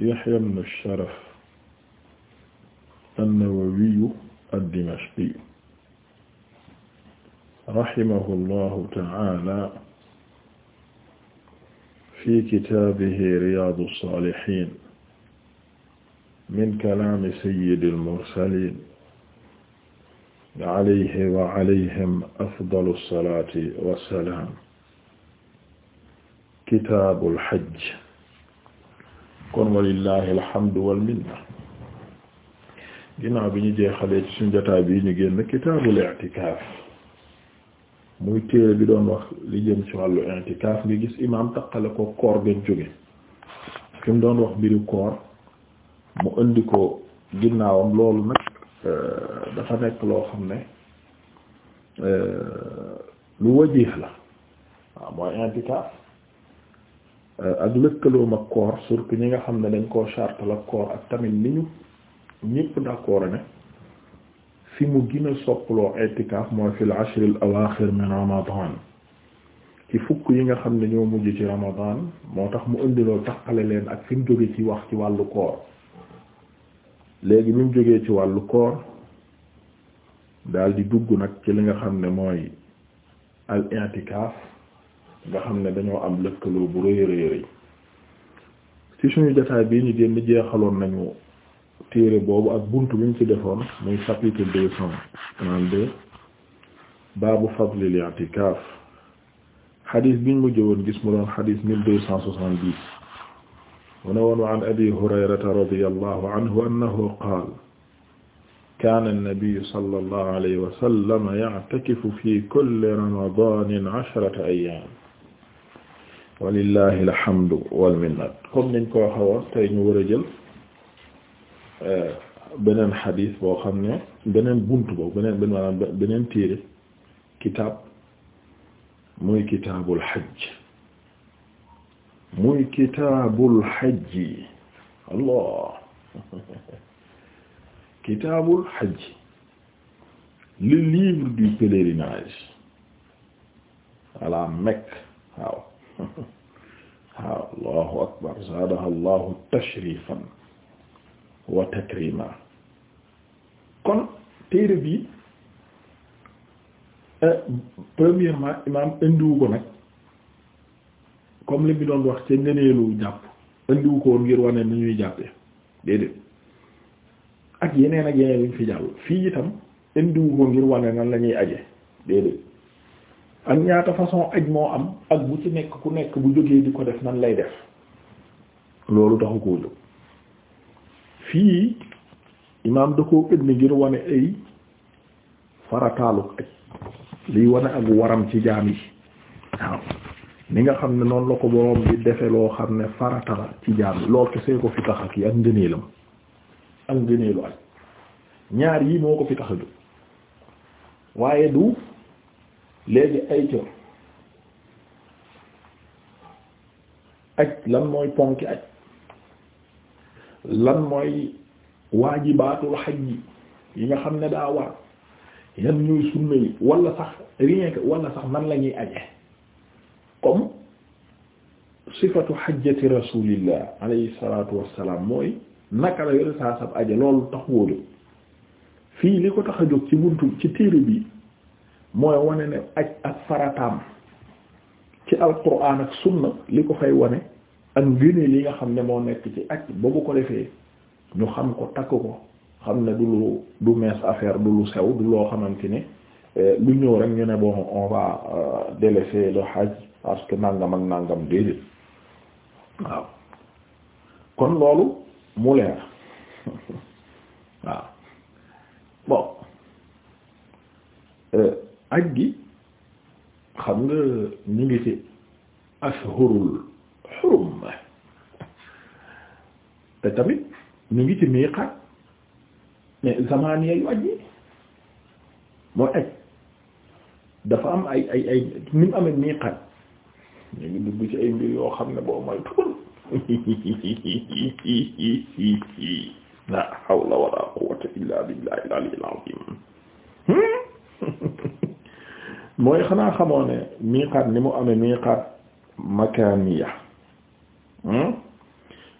Yahya ibn Sharaf an-Nawawi ad-Dimashqi rahimahullahu ta'ala fi kitaabihi Riyaadu s-Saalihiin min kalaami sayyidil mursaliin alayhi wa alayhim afdalu s-salaati wa s-salaam kitaabul hajj kon walillahi alhamdu wal minna ginnaaw bi ñu jeexalee ci suñu jotaay bi ñu génn kitaabul i'tikaaf muy téere bi doon wax li jëm ci wàllu i'tikaaf nga gis imaam taqale ko koor gën jóge fi mu doon wax mbiru koor mu indi ko ginnaawam loolu nag euh, dafa nekk loo xam ne euh, lu wajiix la waaw mooy i'tikaaf Euh, ak lëkkaloom ak koor surtout ñi nga xam ne dañ koo chartal ak koor ak tamit li ñu ñëpp d'accord ne fi mu gën a soppaloo itikaaf mooy fil ashril awaaxir min ramadan ci fukk yi nga xam ne ñoo mujj ci ramadan moo tax mu indi loolu leen ak fi mu jóge ci wax ci wàllu koor léegi bi jógee ci wàllu koor daal di dugg nag ci li nga xam ne mooy al itikaaf nga xam ne dañoo am lëkkaloo bu rëy rëy rëy ci suñu jotaay bii ñu génn jeexaloon nañu téere boobu ak bunt bi ñu ci defoon muy chapitre deux cent trente-deux baabu fadlil i'tikaaf xadis biñ mu jëwoon gis mu doon xadis mille deux cent soixante-dix mu woon wa abi hurayrata radiyallahu anhu annahu qaala kaana nabiyyu sallallahu alayhi wa sallam fi kulli ramadaanin ashrata walillahi la wal minna comme niñ ko waxoon tey ñu war a jël euh, beneen xadiis boo xam ne beneen bunt boobu beneen beneen maanaam beneen téere kitaab muy kitaabul xajj muy kitaabul xajji allah kitaabul xajji le livre du pèlerinage à la waaw waaw allahu akbar zaadaha allahu tashrifan wa kon téere bi eh, premièrement imaam indiwu ko nag comme li bi doon wax ca ngëneelu jàpp indiwu ko woon ngir wane ni ñuy jàppee déedéet ak yeneen ak yeneen liñ fi jàll fii itam indiwu ko ngir wane nan la ñuy aje déedéet ak ñaata façon aj moo am ak bu ci nekk ku nekk bu jógee di ko def nan lay def loolu taxu koo jóg fii imaam da koo indi ngir wane ay farataalu aj liy wane ak waram ci jaam yi waaw ni nga xam ne noonu la ko boroom bi defe loo xam ne farata la ci jaam yi lool kese ko fi ak yi ak ngëneelam ak ngëneelu aj ñaar yi moo ko fi tax waaye du léegi ay cër aj lan mooy ponki aj lan mooy waajibaatul xaj yi yi nga xam ne daa yan ñuy sunna yi wala sax rien que wala sax nan la ñuy aje comme sifatu xajjati rasulillah alayhi salatu wassalam mooy naka la yore saa sab aje loolu tax wóolu fii li ko tax a jóg ci buntu ci téere bi mooy wane ne aj ak farataam ci alquran ak sunna li ko fay wane ak ngënee li nga xam ne moo nekk ci aj ba bu ko defee ñu xam ko takk ko xam ne du lu du mees affaire du lu sew du loo xamante ne eh, lu ñëw rek ñu ne bon on va euh, délaisser le hajj parce que nangam ak nangam déedéet waaw kon loolu mu leer waaw bon euh, aj gi xam nga ñu ngi ci ashurul xurum te tamit ñu ngi ci miiqaat mais zamaniya yu aj yi am ay ay ay ni mu amee miiqaat ñu ay mbir yoo xam ne boo mooy tugal la hawla wala quwwata illa billahi al-ali al-azim mooy xanaa xamoo ne miiqaat ni mu amee miiqaat makaaniya hmm?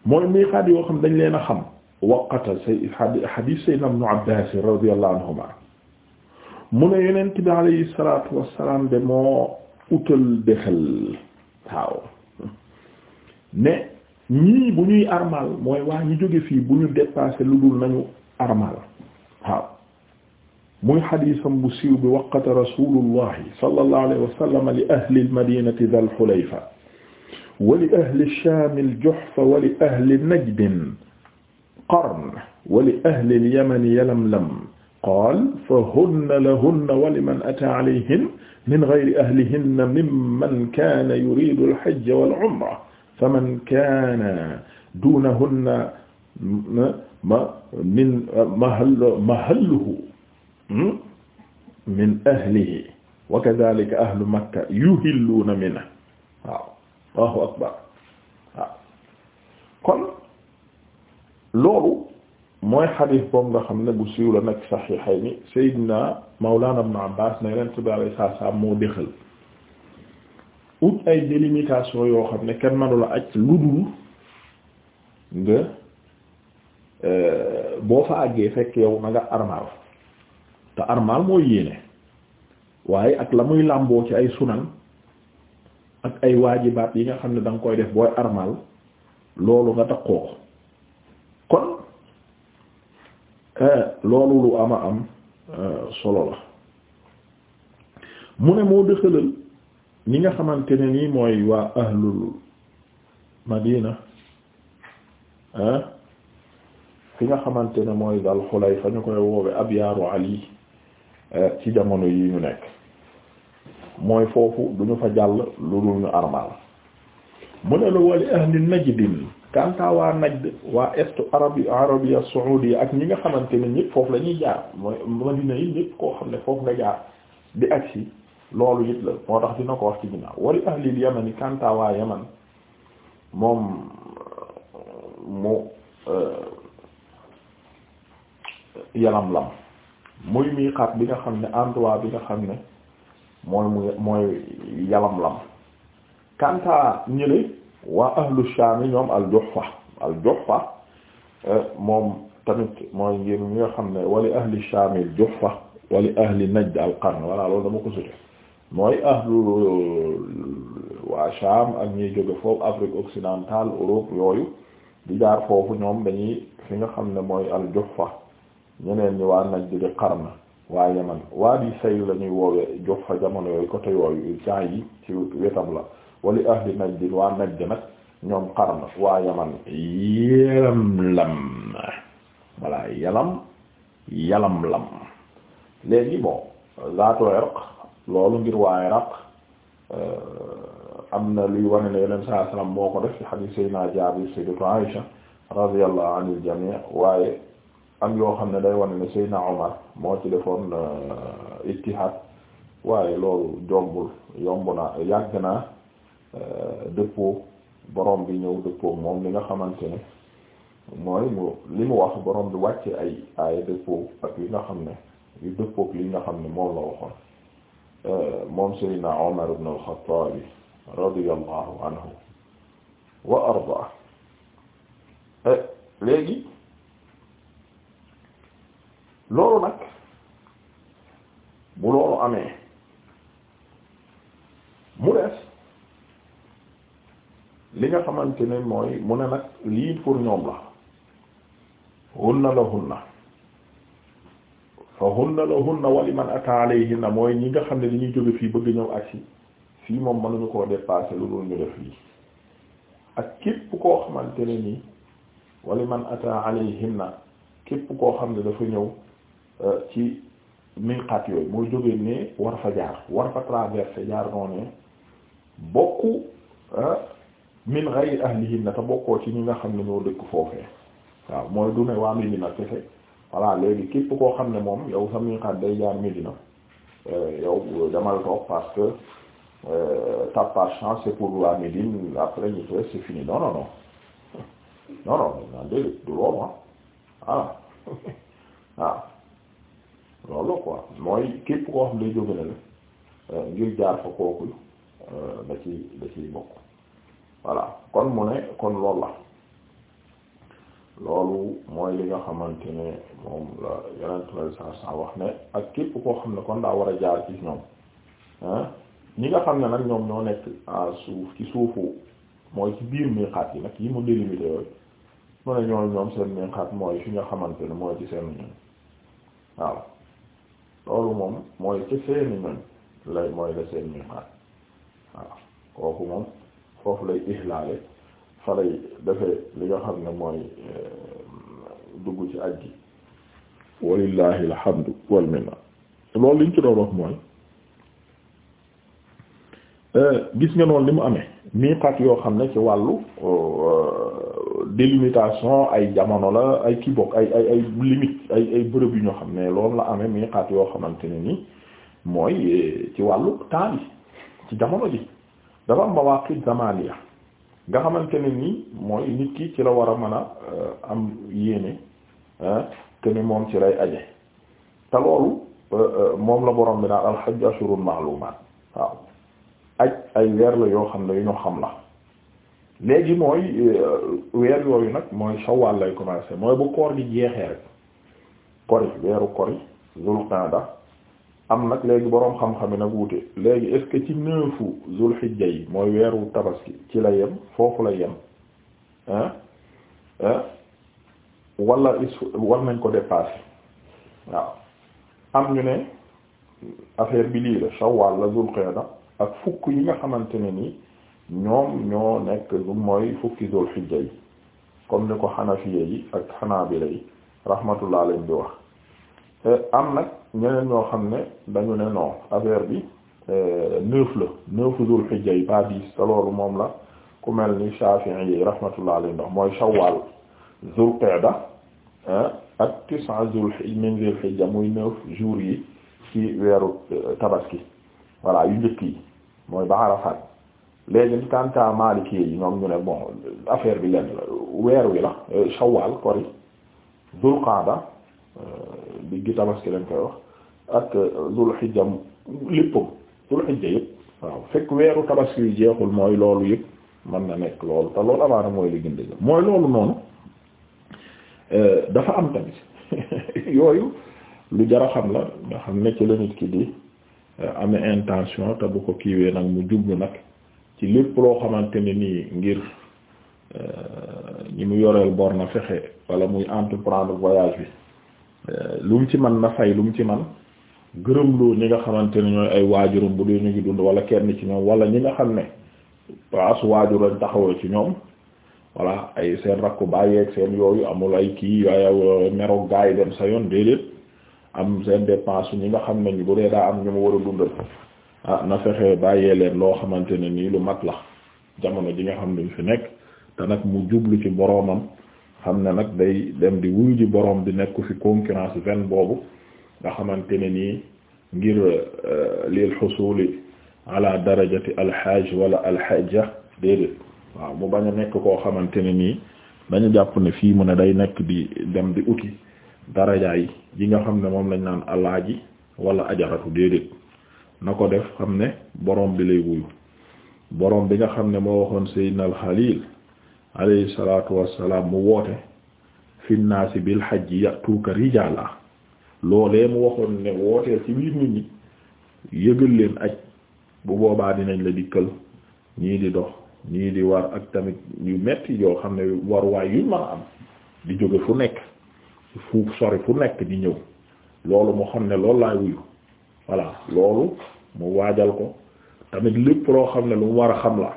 mooy miiqaat yoo xam dañ leen a xam waqata say xadiis sayyidina ibnu Abbaas radiyallahu anhuma mu ne yonent bi alayhi salaatu wassalaam de moo utal defal waaw ne ñii bu ñuy armal mooy waa ñu jóge fii bu ñu dépassé lu dul nañu armal waaw muy xadiisam bu siiw bi waqata rasulullahi sallallahu alayhi wa sallam li ahli almadinati dal xulayfa wa li ahli shaam aljuhfa wa li ahli najdin qarn wa li ahli alyamani yalamlam qaal fa hunna lahunna wa liman ataa alayhin min gayri ahlihinna mimman kaana yuridu alhajja wal umra faman kaana duunahunna min mahalluhu Hmm? min ahlihi wa kadhalika ahlu makka yuhilluuna minhu waaw Allahu akbar waaw kon loolu mooy xadiis boobu nga xam ne bu siiw la nag saxiixayni Seydina Mawlana Ibn Abbaas ne leen tubaabee saa saa moo dëxal ut ay délimitation yoo xam ne kenn manula aj lu dul nga euh, boo fa àggee fekk yow na armaal te armal mooy yéene waaye ak la muy làmboo ci ay sunan ak ay waajibaat yi nga xam ne danga koy def booy armal loolu nga takkoo ko kon eh, loolu lu ama am eh, solo la mu ne moo dëxalal ñi nga xamante ne nii mooy waa ahlul madina ki eh, nga xamante ne mooy dal xulay fa ñu koy woowe ab yaaru ali Eh, ci jamono yi ñu nekk mooy foofu du ñu fa jàll lu dul ñu armal mu ne la wali ahli najdin kanta waa najd waa est arabi arabia saoudia ak ñi nga xamante ne ñëpp foofu lañuy jaar mooy madina yi ñëpp xam ne foofu nga jaar di agsi loolu it la moo tax dina ko wax ci ginnaaw wali ahlil yamani kanta waa moom mu eh, yalam muy miiqaat bi nga xam ne endroit bi nga xam ne mooy mu mooy yalamlam kanta ñële waa ahlu shaami ñoom al juhfa al juhfa eh, moom tamit mooy ngir ñi nga xam ne wali ahli shaami al juhfa wali ahli najd al qarn voilà loolu dama ko sute mooy ahlu waa Sham ak ñuy jóge foofu Afrique occidentale Europe yooyu di foofu ñoom dañuy fi nga xam ne mooy al juhfa ñeneen ñi waa naj di Qarna waa Yaman waa di say la ñuy woowee jox fa jamono yooyu côté yooyu temps yi ci wetam la wali ahli naj di waa naj nag ñoom Qarna waa Yaman yelam lam voilà yalam yalam lam léegi bon zaatu Iraq loolu ngir waa Iraq euh, am na luy wane ne yeneen saa salaam moo ko def ci hadith Seydina Jaabir Sayyidatu Aisha radiyallahu anil jami' waaye am yoo xam ne day wane ne Seydina Omar moo ci defoon euh, ijtihaad waaye loolu jombul yomb na yàgg na euh, dëppoo borom bi ñëw dëppoo moom li nga xamante ne mooy mu li mu wax borom bi wàcce ay ay dëppoo ak li nga xam ne yu dëppoo ak li nga xam ne moom la waxoon euh, moom Seydina Omar ibn al-Khattab anhu wa arda léegi loolu nag bu loolu amee mu des li nga xamante ne mooy mu ne nag lii pour ñoom la hunna la hunna fa hunna la hunna wali man ata alayhinna mooy ñi nga xam ne dañuy jóge fii bëgg ñëw agsi fii moom mënuñu koo dépasser lu dul ñu def lii ak képp koo xamante ne nii wali man ata alayhinna képp koo xam ne dafa ñëw ci miqaat yooyu mooy jógee ne war fa jaar war fa traversé jaar noonu bokku ah, min ghayri ahlihinna te bokkoo ci ñi nga xam ne ñoo dëkk foofee waaw mooy du ne waa Medina kese voilà léegi képp koo xam ne moom yow sa miqaat day jaar Medina eh, yow demal toog parce que eh, t'as pas chance c'est pour waa Medine après ñu fee c'est fini non non non non non du loolu ah waaw. Ah. loolu ko mooy képp ko xam day jóge na la euh, ngir jaar fa kooku euh, da ci da ciy bokk voilà kon mu ne kon loolu la loolu mooy li nga xamante ne moom la yeneen trois cent wax ne ak képp koo xam ne kon daa war a jaar ci ñoom ah ñi nga xam ne nag ñoom ñoo nekk suuf ci suufu mooy ci biir miqaat yi nag yi mu délimité yooyu mu ne ñoom ñoom seen miqaat mooy fi nga xamante ne mooy ci seen ñoom waaw. loolu moom mooy ci seeni ñoñ lay mooy la seen miimaat waaw kooku moom foofu lay ihlaale fa lay defee li nga xam ne mooy euh, dugg ci aj gi walillahi alhamdu wal loolu liñ ci doon wax mooy euh, gis nga noonu li mu amee miiqaat yoo xam ne ci wàllu euh, délimitation ay jamono la ay kii ay ay ay ay bërëb yu ñoo xam ne loolu la amee miiqaat yoo xamante ne ni mooy e, ci wàllu temps bi ci jamono ji dafa am mawaqit zamaniya nga xamante ne ni mooy nit ki ci la war a mën a e, am yéene e, te ni moom ci lay aje te loolu moom la borom bi naan alxaj ashurun maalumaat waaw aj ay weer la yoo xam ne yu ñu xam la léegi mooy euh, weer yooyu nag mooy shawwal lay commencer mooy bu koor gi jeexee rek kori weeru kori zulqaada am nag léegi boroom xam-xam yi nag wute léegi est-ce que ci neefu yi mooy weeru tabaski ci la yem foofu la yem ah war nañ ko dépasser waaw am ñu ne affaire bi lii la shawwal la zulqaada ak fukk yi nga xamante ne nii ñoom ñoo nekk lu mooy fukki dul xijja yi comme ni ko xanafiya yi ak xanaabila yi rahmatullah alayhim bi wax eh, am nag ñeneen ñoo xam ne dañu ne non affaire bi eh, neuf la neuf dul xijja yi pas dix te loolu moom la ku mel ni Shafi'i yi rahmatullah alayhim ndax mooy shawwal zul qa'da eh, ak tis'a zul min zul muy neuf jours yi ci weeru tabaski voilà yu njëkk yi mooy ba Arafat léegi kanta Maliki yi ñoom ñu ne bon affaire bi lenn la weer wi la Shawwal kori Dul Qaada bi euh, gi tabaski lañ koy wax ak Dul euh, Hijja léppam Dul Hijja yëpp waaw fekk weeru tabaski yi jeexul mooy loolu yëpp mën na nekk loolu te loolu amaana mooy li gën a mooy loolu noonu euh, dafa am tamit yooyu lu jar a xam la nga xam ne ci la nit ki di amee intention te bu ko kiiwee nag mu jublu nag. ci lépp loo xamante ne nii ngir euh, ñi mu yoreel bor na fexe wala muy entreprendre voyage bi euh, lu mu ci man na fay lu mu ci man gërëm loo ñi nga xamante ne ñooy ay waajurum bu dee ñu ngi dund wala kenn ci ñoom wala ñi nga xam ne paasu waajur lañ taxawoo ci ñoom voilà ay seen rakku bàyyeeg seen yooyu amul ay kii ay merog gaa yi dem sa yoon déedéet am seen dépense ñi nga xam ne ñu bu dee daa am ñu mu war a dundal ah na fexe bàyyee leen loo xamante ne nii lu mat la jamono ji nga xam ne fi nekk te nag mu jublu ci boroomam xam ne nag day dem di wuyu ji boroom di nekku fi concurrence ven boobu nga xamante ne nii ngir euh, lil xusuli ala darajati alxaaj wala alxaaja déedéet waaw mu bañ a nekk koo xamante ne nii dañu jàpp fii mu ne day nekk di dem di uti darajaay yi nga xam ne moom lañ naan alaaji wala ajaratu déedéet na ko def xam ne borom bi lay wuyu borom bi nga xam ne moo waxoon Seydina al Xaliil alayhi salaatu wassalaam mu woote fi naasi bil hajji ya'tuuka rijaala loolee mu waxoon ne wootee ci biir nit ñi yëgal leen aj bu boobaa dinañ la dikkal ñii di dox ñii di war ak tamit yu metti yoo xam ne waruwaay waay yuñ mën a am di jóge fu nekk fu sori fu nekk di ñëw loolu moo xam ne loolu laay wuyu voilà loolu mu waajal ko tamit lépp loo xam ne lu mu war a xam la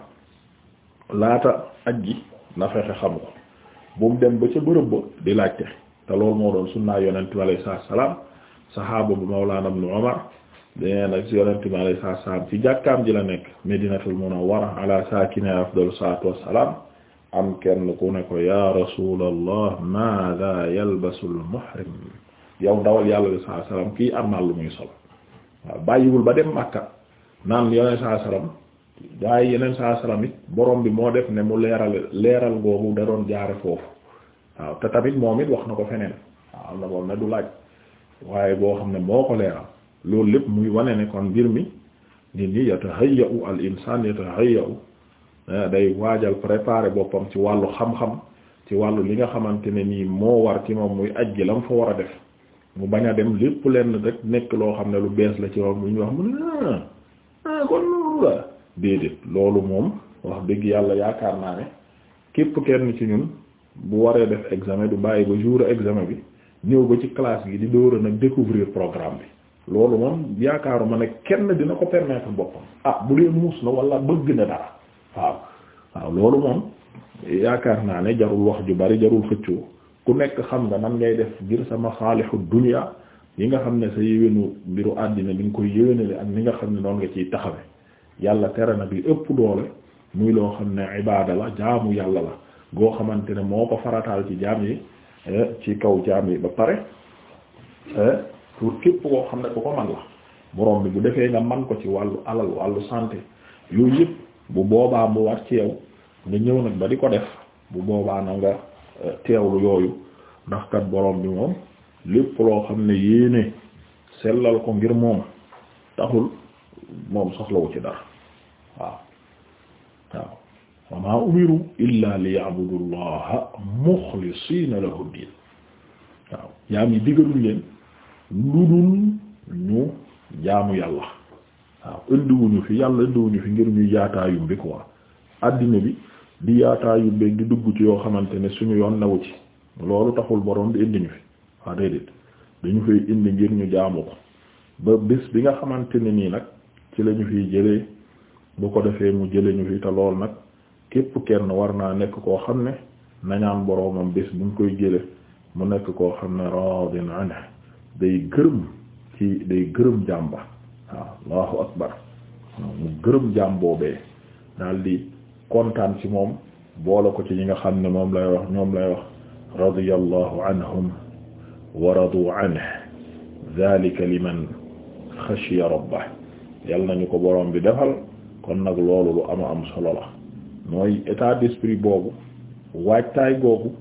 laata aj gi na fexe xam ko bu mu dem ba ca bërëb ba di laajte te loolu moo doon sunnaa yonent bi alayhi salaam saxaaba bu Mawlaana Ibnu Umar dinañ nag si yonent bi alayhi salaam ci jàkkaam ji la nekk Madinatul Munawwara ala saakinihaa afdalu salaatu wassalaam am kenn ku ne ko yaa rasuulallah maadaa yalbasul muhrim salaam kii am lu muy sol. waaw bàyyiwul ba dem Makka naan yeneen saa salaam gaa yi yeneen saa salaam it borom bi moo def ne mu leeral leeral googu da doon jaare foofu waaw te tamit moom it wax na ko feneen waaw am na moom ne du laaj waaye boo xam ne moo ko leeral loolu lépp muy wane ne kon mbir mi nit ñi yatahayyau al insaan yatahayyau eh, day waajal préparer boppam ci wàllu xam-xam ci wàllu li nga xamante ne nii moo war ci moom muy ajji lam fa war a def mu bañ a dem lépp lenn rek nekk loo xam ne lu bees la ci moom lu ñu wax mu ne ah ah kon loolu la déedéet loolu moom wax dëgg yàlla yaakaar naa ne képp kenn ci ñun bu waree def examen du bàyyi ba jour examen bi ñëw ba ci classe gi di dóora nag découvrir programme bi loolu moom yaakaaruma ne kenn dina ko permettre boppam ah bu dee muus na wala bëgg na dara waaw waaw loolu moom yaakaar naa ne jarul wax ju bari jarul xëccoo ku nekk xam nga nan ngay def ngir sama masaalihu dunya yi nga xam ne sa yéwénu mbiru àddina bi nga koy yéwénale ak ni nga xam ne noonu nga ciy taxawe yàlla tere nag li ëpp doole muy loo xam ne ibaada la jaamu yàlla la goo xamante ne moo ko farataal ci jaam yi eh, ci kaw jaam yi ba pare eh, pour képp koo xam ne ku ko man la borom bi bu defee nga man ko ci wàllu alal wàllu santé yooyu yëpp bu boobaa mu war ci yow nga ñëw nag ba di ko def bu boobaa na nga teewlu yooyu ndax kat borom bi moom lépp loo xam ne yéene sellal ko ngir moom taxul moom soxlawu ci dara waaw waaw wa maa umiru illa liya'budu llaha muxlisiina lahu diin waaw jaam yi digalul leen lu dul ñu jaamu yàlla waaw indiwuñu fi yàlla indiwuñu fi ngir ñuy jaataayum bi quoi addina bi di yaataa yu bëgg di dugg ci yoo xamante ne suñu yoon newu ci loolu taxul boroom bi indi ñu fi waa déedéet dañu fay indi ngir ñu jaamu ko ba bis bi nga xamante ne nii nag ci la ñu fiy jëlee boo ko defee mu jëlee ñu fi te lool nag képp kenn war naa nekk koo xam ne nañaan boromam bis buñ ñu koy jëlee mu nekk koo xam ne naa ne day gërëm ci day gërëm jàmba waaw allahu akbar mu gërëm jàmboobee daldi kontaan ci moom boole ko ci ñi nga xam ne moom lay wax ñoom lay wax radiyallahu anhum wa radu anhu zalika liman xashiya rabbah yal nañu ko borom bi defal kon nag loolu lu ama am solo la mooy état d'esprit boobu waajtaay boobu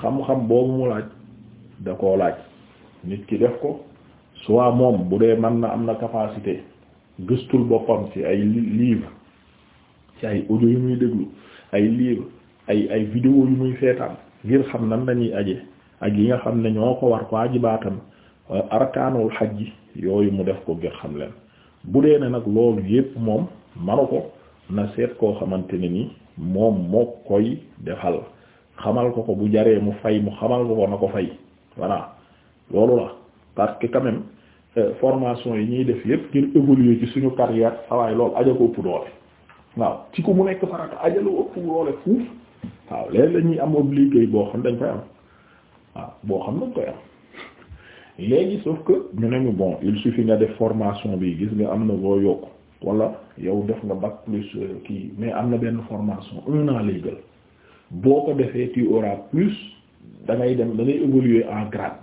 xam-xam boobu mu laaj da koo laaj nit ki def ko soit moom bu dee man na am na capacité gëstul boppam ci ay livre ci ay audio yu muy déglu ay livre ay ay vidéo yu muy seetaan ngir xam nan lañuy aje ak yi nga xam ne ñoo ko war waajibaatam euh, arkaanul xaj yooyu mu def ko ngir xam leen bu dee ne nag loolu yëpp moom manu ko na seet koo xamante ne ni moom moo koy defal xamal ko ko bu jaree mu fay mu xamal ko ko na ko fay voilà loolu la parce que quand euh, formation yi ñuy def yëpp ngir évoluer ci suñu carrière waaye lool aja ko ëpp doole waaw ci ku mu nekk farata ajalu ëpp loole fuuf waaw léeg la ñuy am obligé boo xam dañ koy am waaw boo xam dañ koy am léegi sauf que ñu ne mu bon il suffit nga def formation bi gis nga am na boo yokk wala yow def nga bac plus euh, kii mais am na benn formation un an lay jël boo ko defee tu auras plus da dem da ngay évoluer en grade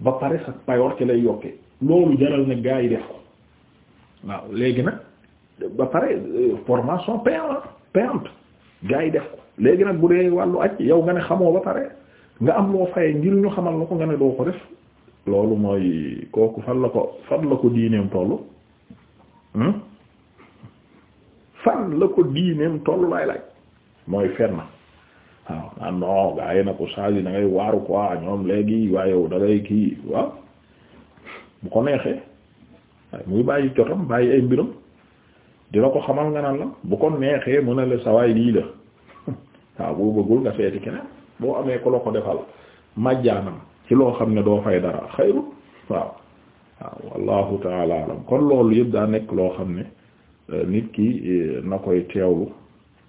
ba pare sa payoor ci lay yokkee loolu jaral na gaa yi def ko waaw léegi nag ba pare euh, formation payante payante gars yi def léegi nag bu dee wàllu aj yow nga ne xamoo ba pare nga am loo fayee ngir ñu xamal la ko nga ne doo ko def loolu mooy kooku fan la ko fan la ko diineem tollu hmm? fan la ko diineem tollu laay mooy fen na waaw ah oh, non gars yi na ko change da ngay waaru quoi ñoom léegi waaye yow da ngay kii waaw bu ko neexee muy bàyyi jotam bàyyi ay mbiram dina ko xamal nga naan la bu ko neexee mën a la sawaay lii la waaw boo bëggul nga seeti keneen boo amee ko la ko defal majjaanam ci loo xam ne doo fay dara xayru waaw waaw wallahu taala alam kon loolu yëpp daa nekk loo xam ne euh, nit ki euh, na koy teewlu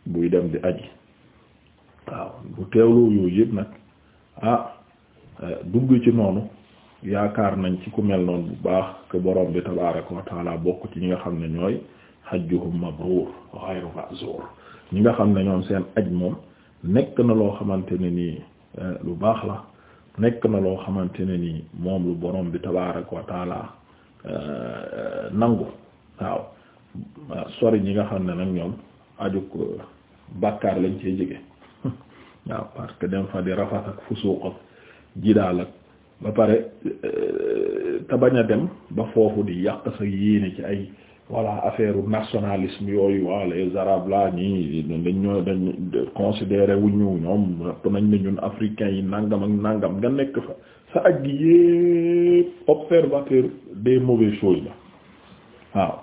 buy dem di aji waaw bu teewlu yooyu yëpp nag ah euh, dugg ci noonu yaakaar nañ ci ku mel noonu bu baax que borom bi tabaaraka wa bokk ci ñi nga xam ne ñooy hajjuhum mabruur wa ghayru ma'zuur ñi nga xam ne ñoom seen aj moom nekk na loo xamante ne nii eh, lu baax la nekk na loo xamante ne nii moom lu boroom bi tabaaraka wa eh, nangu waaw ah, sori ñi nga xam ne nag ñoom ajuk bàkkaar lañ cee jege waaw parce que dem fa di rafas ak fusuuq ak jidaal ak ba pare eh, te bañ a dem ba foofu di yàq sa yéene ci ay voilà affaire nationalisme yooyu waa les arabes là ñii dañ ñoo dañ considéré wu ñu ñoom rëpp nañ ne ñun africains yi nangam ak nangam nga nekk fa sa aj gi yépp observateur des mauvaises choses la waaw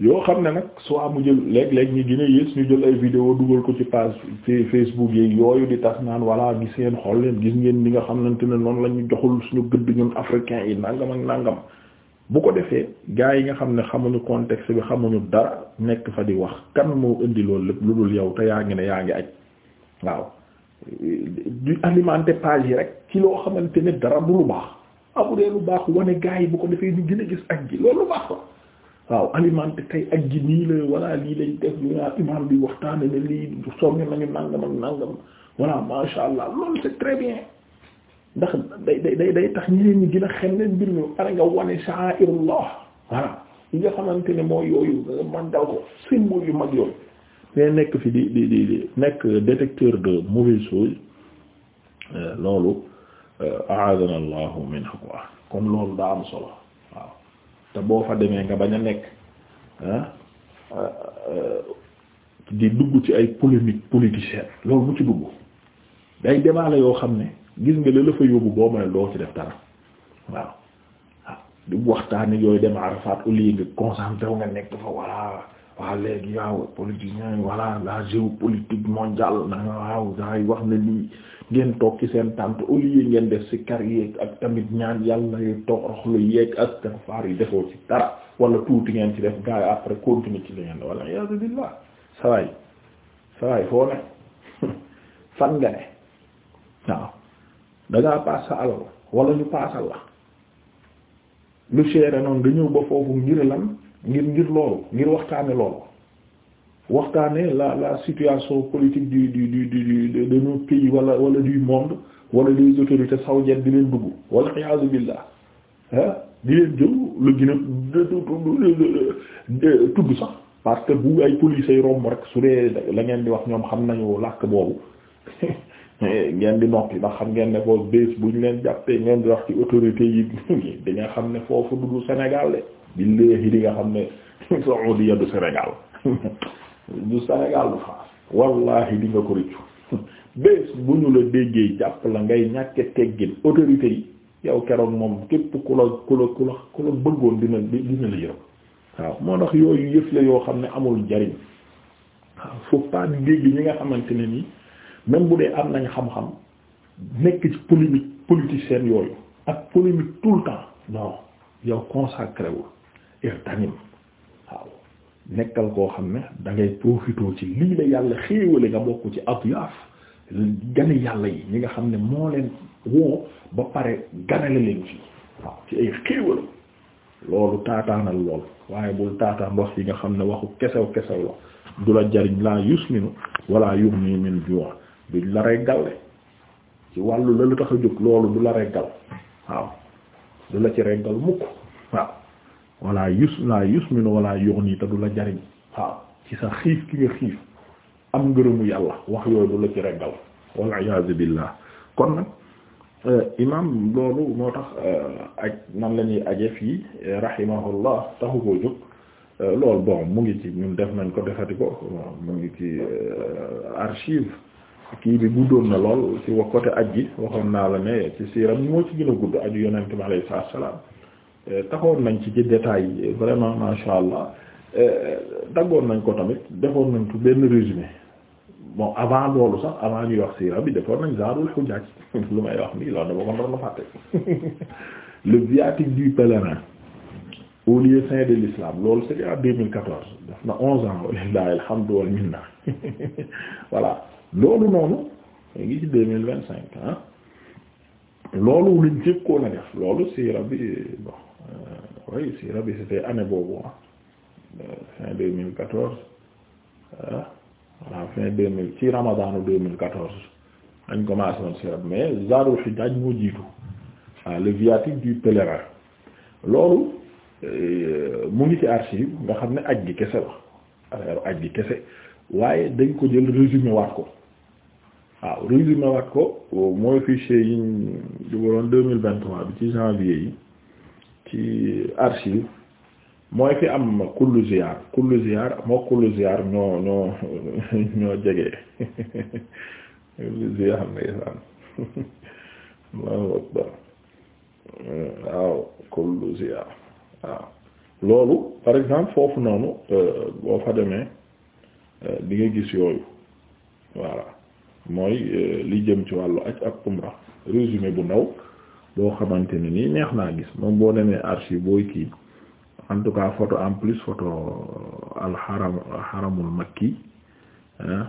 yoo xam ne nag soit mu jël léeg-léeg ñu gën a yées ñu jël ay vidéo dugal ko ci page Facebook yeeg yooyu di tas naan voilà gis seen xool leen gis ngeen li nga xamante ne noonu la ñu joxul suñu gëdd ñun africain yi nangam ak nangam. bu ko defee gars yi nga xam ne xamuñu contexte bi xamuñu dara nekk fa di wax kan moo indi loolu lépp lu dul yow te yaa ngi ne yaa ngi aj waaw du alimenter page yi rek ci loo xamante ne dara du lu baax abu dee lu baax wane gars yi bu ko defee ñu gën a gis aj gi loolu baax waaw alimenter tey ak gi nii la walla lii lañ def lu naa imaam bi waxtaane ne lii sonn a nangam ak nangam voilà masha allah loolu c'est très bien ndax day day day tax ñeneen ñi gën a xem ne mbir mi pare nga wane sha'irullah voilà yi nga xamante ne mooy yooyu man dal ko symbole yu mag yooyu mais nekk fi di di di nekk détecteur de mauvaises choses euh, loolu euh, aadana allahu minhu quoi kon loolu daa am solo waaw te boo fa demee nga bañ a nekk euh, di dugg ci ay polémique politicienne loolu bu ci dugg day débat la yoo xam ne gis nga la la fa yóbbu boo may doo ci def dara waaw waaw di waxtaani yooyu dem Arafat au nga concentré nga nekk fa voilà waaw léegi waaw politiciens yi voilà la géopolitique mondiale na waaw daay wax ne lii ngeen toog ci seen tànt au ngeen def ci kar yeeg ak tamit ñaan yàlla yu toroxlu yeeg astaghfar yi defoo ci dara wala tuuti ngeen ci def gars yi après continuer ci li ngeen wala iyaazu billah sawaay sawaay foo ne fan nga ne waaw dangaa paas sa alal wala ñu paasal la lu seere noonu nga ñëw ba foofu ngir lan ngir ngir loolu ngir waxtaane loolu waxtaane la la situation politique du du du du de pays wala wala du monde wala des autorités saoudiennes di leen dugg wala iyaazu billah ah di leen jëw lu gën tudd sax parce que bu ay police ay romb rek su dee la ngeen di wax ñoom xam nañu làkk boobu Eh, ngeen di noppi ndax xam ngeen ne foofu bés bu ñu leen jàppee ngeen di wax ci autorité yi di nga xam ne foofu du Sénégal de billahi di nga xam ne Saudiya du Sénégal du Sénégal du France wallahi di ko rëccu bés bu ñu la déggee jàpp la ngay ñàkke teggin autorité yi yow keroog moom képp ku la ku la ku la ku la bëggoon dina dina la yërëm waaw moo tax yooyu yëf la yoo xam ne amul njariñ waaw faut pas dégg ñi nga xamante ne nii même bu dee am nañ xam-xam nekk ci polémique politicien yooyu ak polémique tout le temps non yow consacré wul irtanim waaw nekkal koo xam ne dangay ngay profitoo ci lii la yàlla xéewale nga bokk ci atyaaf gane yàlla yi ñi nga xam ne moo leen woo ba pare ganale leen fii waaw ci ay xéewala loolu taataanal lool waaye bul taataan wax yi nga xam ne waxu kesew kesew la du la jariñ laa yusminu wala yughni min ju' duñ la reggal ci wàllu la lu tax a jóg loolu du la reggal waaw du la ci reggal mukk waaw walla yus laa yus mi walla yoon yi te du la jariñ waaw ci sa xiif ki nga xiif am ngërëmu yàlla wax yooyu du la ci reggal walla iyaazu billaah kon nag euh, imam loolu moo tax euh, ak nan lañuy ñuy aje fii rahimahullah taxu koo jóg euh, loolu bon mu ngi ci ñun def nañ ko defati ko mu ngi ci archive kii bi guddoon na lool ci wax côté aj gi waxoon naa la ne ci siiram ñu moo ci gën a gudd aju yonent bi alayhi salaam eh, taxoon nañ ci ci détail vraiment masha allah eh, daggoon nañ ko tamit defoon nañ ko benn résumé bon avant loolu sax avant ñuy wax siira bi defoon nañ zaadul xujaaj lu may wax nii loolu dama ko ndor na fàtte le viatique du pèlerin au lieu saint de l'islam loolu c'était en 2014 def na onze ans walillahi loolu noonu ñu ngi ci deux mille vingt cinq ah. loolu lañ jëkkoon a def loolu siira bi bon euh, oui siira bi c'était année boobu ah fin deux mille quatorze ah voilà fin deux mille ci ramadanu deux mille quatorze dañ commencé woon siira bi mais Zadul Hijaj moo jiitu ah le viatique du loolu euh, mu ngi ci archive nga xam ne aj gi kese la affaire aj gi kese waaye dañ ko jël résumé waat ko waaw ah, résumé waat ko mooy fichier yi jubaloon deux mille vingt trois bi ci janvier yi ci archive mooy fi am kullu ziyaar kullu ziyaar moo kullu ziyaar ñoo waaw loolu par exemple foofu noonu euh, boo fa demee euh, di gis yooyu voilà mooy euh, li jëm ci wàllu aj ak umra résumé bu ndaw boo xamante ne nii neex naa gis moom boo demee archive booy kii en tout photo en plus photo euh, al haram haramul euh,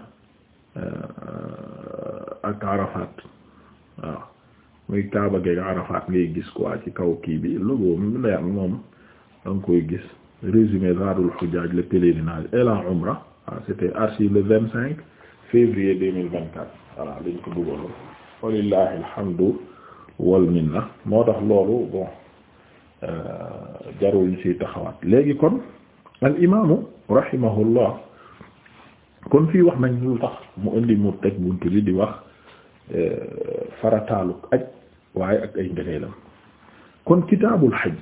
ak Arafat waaw muy Kaaba geeg Arafat ngay gis quoi ci kaw kii bi logo mu leer moom da koy gis résumé Zadul Hujjaj le pèlerinage et la umra ah c'était archive le vingt février 2024 voilà liñ dugo dugaloon walillahi alhamdu wal minna moo tax loolu bon euh, jarul ñu ciy taxawaat léegi kon al imaamu rahimahullah kon fi wax nañ lu tax mu indi mu teg buntu li di wax euh, farataaluk aj waaye ak ay ngëneelam kon kitaabul xaj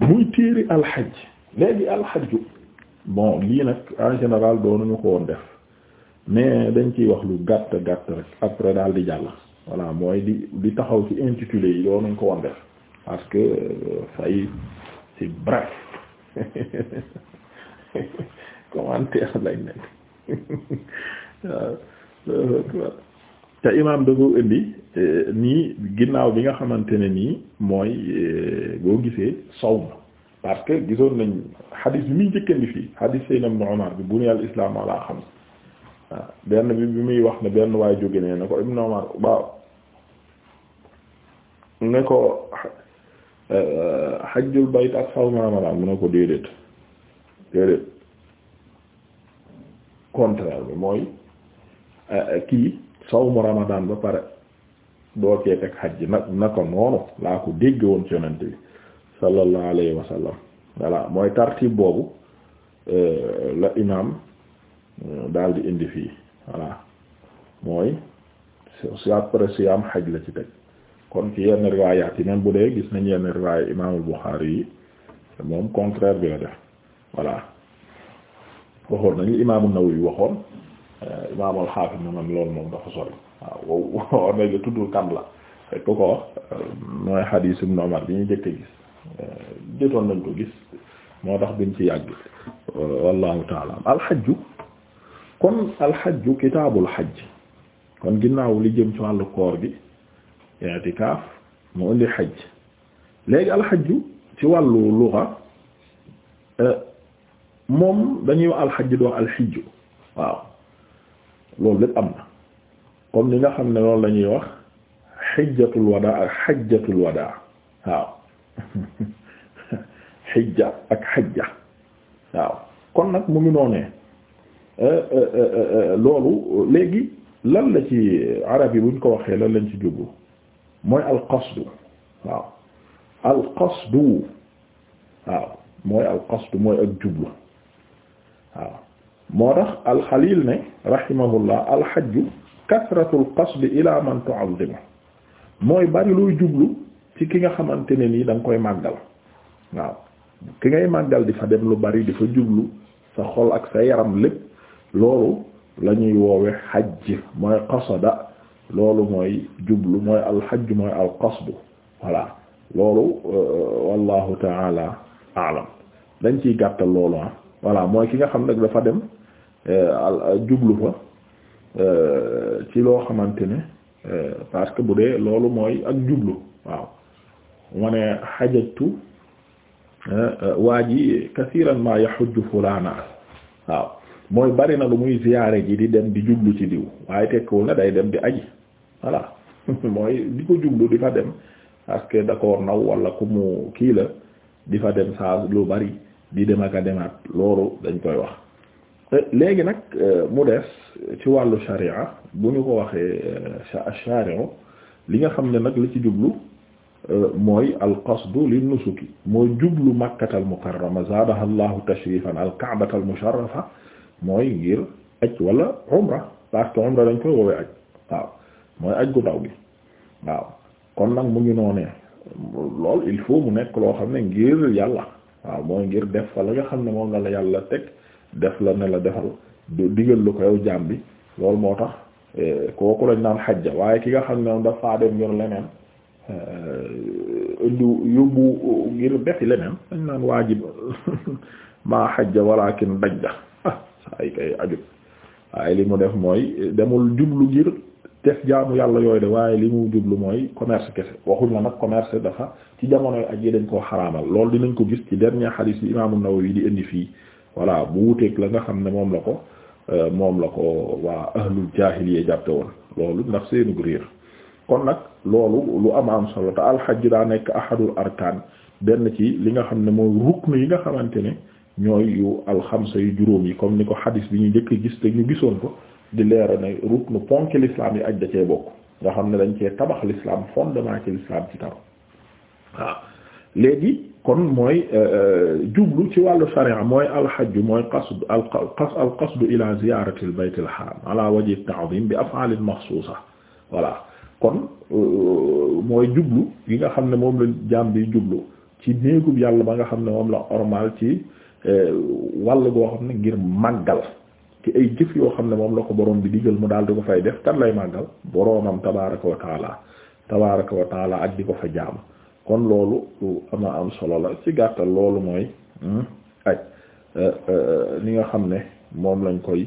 muy téeri alxaj léegi alxaju bon lii nag en général doonuñu ko woon def mais dañ ciy wax lu gàtt gàtt rek après daal di jàll voilà mooy di di taxaw ci intitulé yi loolu nañ ko won parce que fay euh, c'est bref commentaire lañ nekk te imaam da indi euh, nii ginnaaw bi nga xamante ne nii mooy euh, boo gisee sawm parce que gisoon nañ xadiis bi muy njëkkandi fii xadiis Seydina Ibn Umar bi buniyal islaam ala xams benn bi bi muy wax na benn waaye jóge ne ne ko Ibn Umar eh, waaw ko xajjul bayt ak sawmu Ramadan mu ne ko déedéet déedéet contraire bi mooy eh, eh, kii sawmu Ramadan ba pare doo cee teg xaj na na ko noonu laa ko dégg woon ci bi sallallahu alayhi wa mooy tartib boobu la imaam Euh, daal di indi fii voilà mooy si après siyaam xaj la ci teg kon ci yenn riwaayaat yi même bu dee gis nañ yenn riwaaya imaamul Buxaari yi moom contraire bi la def voilà waxoon nañu imaamu Nawawi euh, ko wax euh, mooy xadiis Ibnu Umar bi ñu jëkk gis jotoon nañ ko gis moo tax duñ ci yàgg wallahu taala al hajju kon alxajju kitaabul xajj kon ginnaaw li jëm ci wàllu koor gi i'tikaaf mu indi xajj léegi alxajju ci wàllu luga euh, moom dañuy wax alxajju doo alxijju waaw loolu lépp am na comme ni nga xam ne loolu lañuy wax xijjatul wadaa ak xajjatul wadaa waaw xijja ak xajja waaw kon nag mu ngi noonee Euh, euh, euh, loolu léegi lan la ci arab yi buñ ko waxee lan lañ ci jublu mooy alqasdu waaw alqasdu waaw mooy alqasdu mooy ak jublu waaw moo tax alxalil ne rahimahullah alxajju kasratul qasdi ila man tu'azzimu mooy bari looy jublu ci ki nga xamante ne nii da koy màggal waaw ki ngay màggal di fa dem lu bari di fa jublu sa xol ak sa yaram lépp loolu la ñuy woowe xajj mooy qasada loolu mooy jublu mooy alxajj mooy alqasdu voilà loolu euh, wallahu taala alam dañ ciy gàttal loolu ah voilà mooy ki nga xam nag dafa dem euh, euh, jublu fa ci loo xamante ne parce que bu dee loolu mooy ak jublu waaw ma ne xajatu waa ji kasiiran maa yaxujju fulaana waaw mooy bari na lu muy ziyaare ji di dem di jublu ci diw waaye tekkiwul na day dem di aji voilà mooy di ko jublu di fa dem parce que d'accord naw wala ku mu kii la di fa dem saa lu bari di dem ak a demaat loolu dañ koy wax euh, léegi nag euh, mu des ci wàllu sharia bu ñu ko waxee euh, sharia li nga xam ne nag li ci jublu mooy al qasdu lin nusuki mooy jublu makkatal mukarrama zaadaha allahu tashrifan al ka'batal musharrafa mooy ngir aj wala umra parce umra dañ koy woowee aj waaw mooy aj gu ndaw waaw kon nag mu ngi noonee lool il faut mu nekk loo xam ne ngir yàlla waaw mooy ngir def fa la nga xam ne moom nga la yàlla teg def la ne la defal du digal lu ko yow jaam bi loolu moo tax eh, kooku lañ naan xajja waaye ki nga xam ne moom dafa dem ngir leneen eh, indi yóbbu ngir defi leneen dañ naan waajib maa xajja walakin dajja ay kay ajut waaye li mu def mooy demul jublu ngir def jaamu yàlla yooyu de waaye li mu jublu mooy commerce kese waxuñ la nag commerce dafa ci jamonoy ak yi dañ koo xaraamal loolu dinañ ko gis ci dernier xadiis bi imaamu Nawawi di indi fii voilà bu wuteeg la nga xam ne moom la ko euh, moom la ko waa ahlul jaahiliya jàppe woon loolu ndax seenu réer kon nag loolu lu am am solo te alxaj daa nekk ahadul arkaan benn ci li nga xam ne mooy rukn yi nga xamante ne ñooy yu alxamsa yu juróom yi comme ni ko xadis bi ñu njëkk gis te ñu gisoon ko di leera ne ruknu ponk l'islam yi aj da cee bokk nga xam ne dañ cee tabax lislaam fondement ci l'islam ci taru waaw léegi kon mooy euh, euh, jublu ci wàllu sharia mooy alxajju mooy qasd al al qasdu ila ziyarati al bayt al haram ala wajhi ta'zim bi af'al maxsuusa voilà kon euh, mooy jublu yi nga xam ne moom la jaam bi jublu ci néegub yàlla ba nga xam ne moom la ormal ci Euh, wàll goo xam ne ngir màggal ci ay jëf yoo xam ne moom la ko boroom bi digal mu daal di ko fay def kan lay màggal boroomam tabaraka wa taala tabaraka ak di ko fa jaam kon loolu lu ama am solo la ci gàttal loolu mooy hmm, aj li euh, euh, nga xam ne moom lañ koy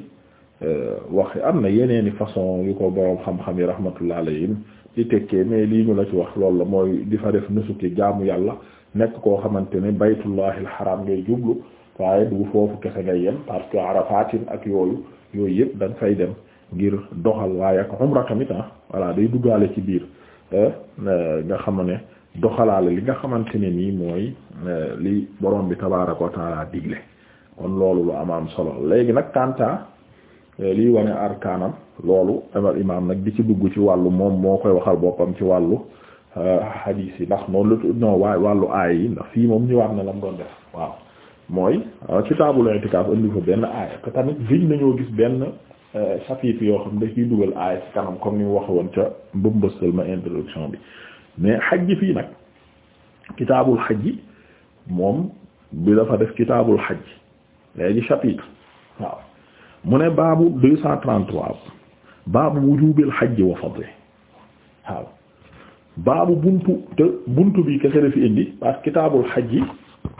waxe am na yeneeni façon yu ko boroom xam-xam yi rahmatullah alayhim di tekkee mais lii ñu la ci wax loolu la mooy di fa def nusuki jaamu yàlla nekk koo xamante ne baytullahil haram ngay jublu waaye du foofu kese ngay yem parce que arafatin ak yooyu yooyu yëpp da fay dem ngir doxal waaye ak umra tamit ah day duggaale ci biir eh, eh, nga xam ne doxalaale li nga xamante ne nii mooy eh, li borom bi tabaaraka wa taala digle kon loolu lu am am solo léegi nag kanta liy wane arkaanam loolu amal imaam nag di ci dugg ci wàllu moom moo koy waxal boppam ci wàllu hadis yi ndax noonu la non waaye wàllu aay yi ndax fii moom ñëwaat na lam doon def waaw. mooy kitaabul ah, i'tikaaf indi fa benn aaya te tamit biñ nañoo gis benn eh, chapitre yoo xam ne dafiy dugal aaya ci kanam comme ni wax woon ca mbëmbëstal ma introduction bi mais xaj fii nag kitaabul xaj moom bi dafa def kitaabul xaj léegi chapitre waaw mu ne baabu deux cent trente-trois baabu wujubil xaj wa fadli waaw baabu buntu te buntu bi kese dafi indi parce kitaabul xaj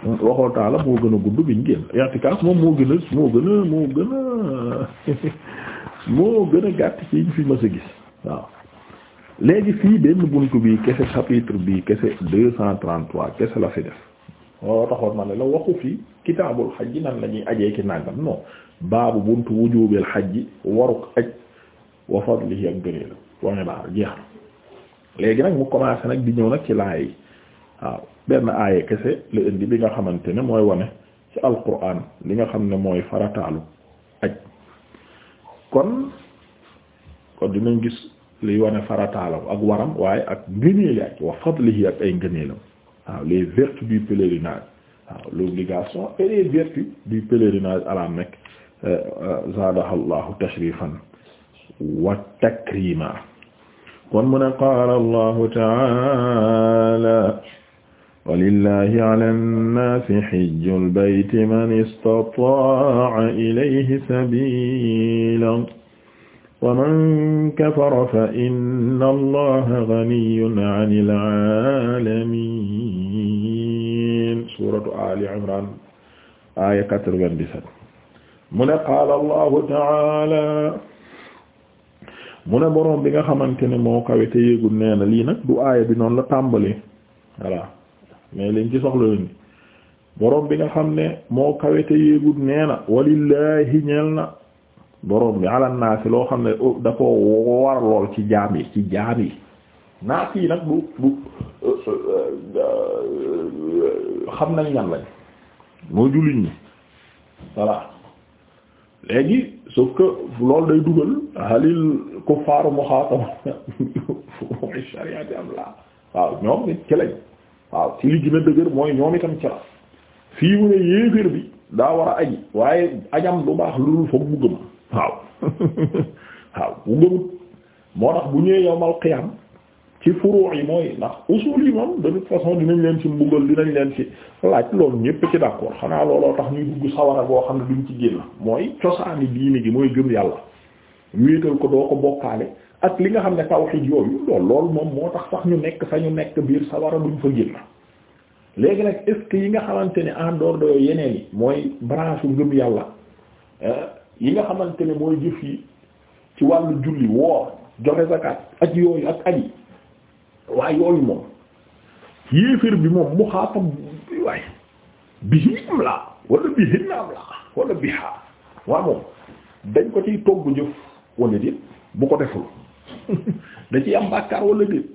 waxoo moo gën a gudd biñ génn i'tikaaf moom moo gën a moo gën a moo gën a gën a gàtt ci ñu fi mës a gis waaw léegi fii benn buntu bi kese chapitre bi kese deux cent trente-trois kese la fi def woo taxoon ma ne la waxu fii kitaabul xaj nan la ñuy ajee ki nàngam non baabu buntu wujubil xaj waruk aj wa fadlihi ak gëneelu point barre jeex na léegi nag mu commencé nag di ñëw nag ci laay yi waaw benn aaya kese la indi bi nga xamante ne mooy wane ci alquran li nga xam ne mooy farataalu aj kon kon dinañ gis liy wone farataalam ak waram waaye ak ngëneeli ak wa fadlihi ak ay ngëneelam waaw les vertus du pèlerinage waaw les vertus du pèlerinage ala Mecque euh, euh, zaadaha llahu tashrifan wa takrima kon mu ne qaala allahu taala walillahi ala nnaasi hijjul bayti man istataa'a ilayhi sabiila wa man kafara fa inna allaha ganiyyun anil aalamiin suuratu aali imraan aaya 97 mu ne qaala allahu taala mu ne boroom bi nga xamante ne moo kawe te yéegul nee na lii nag du aaya bi noonu la tàmbalee voilà mais liñ ci soxla ni borom bi nga xam ne moo kawete yéegul nee na walillahi ñeel na borom bi ala naasi loo xam ne oh, da ko war lool ci jaam yi ci jaam yi naas yi nag bu bu euh, euh, xam nañ ñan lañ moo jullit ñi voilà léegi sauf que loolu day dugal halil kuffaaru muxaatab fi shariati am la waaw ñoom nit ci lañ waaw ci li gën a dëgër mooy ñoom itam ci la fii mu ne yéeféer bi daa war a waaye ajam du baax ludul foog mu gëm waaw waaw bu gëmut moo tax bu ñëwee yowmal qiyam ci furu yi mooy ndax usul yi moom de toute façon dinañ leen ci mbugal dinañ leen ci laaj loolu ñépp ci d'accord xanaa looloo tax ñuy dugg sawara boo xam ne duñ ci génn mooy cosaani diini gi mooy gëm yàlla wéetal ko doo ko bokkaale ak li nga xam ne tawhid yooyu loolu moom moo tax sax ñu nekk fa ñu nekk biir sawara duñ fa génn léegi nag est yi nga xamante ne en dehors de yeneen yi mooy branche ngëm yàlla euh, yi nga xamante ne mooy jëf ci wàllu julli woor joxe zakat ak yooyu ak aji waaye yooyu moom yéeféer bi moom mu xaatam waaye bi am laa wala bi hin am laa wala waa moom dañ ko ciy togg jëf wala déet bu ko deful da ci am bàkkaar wala déet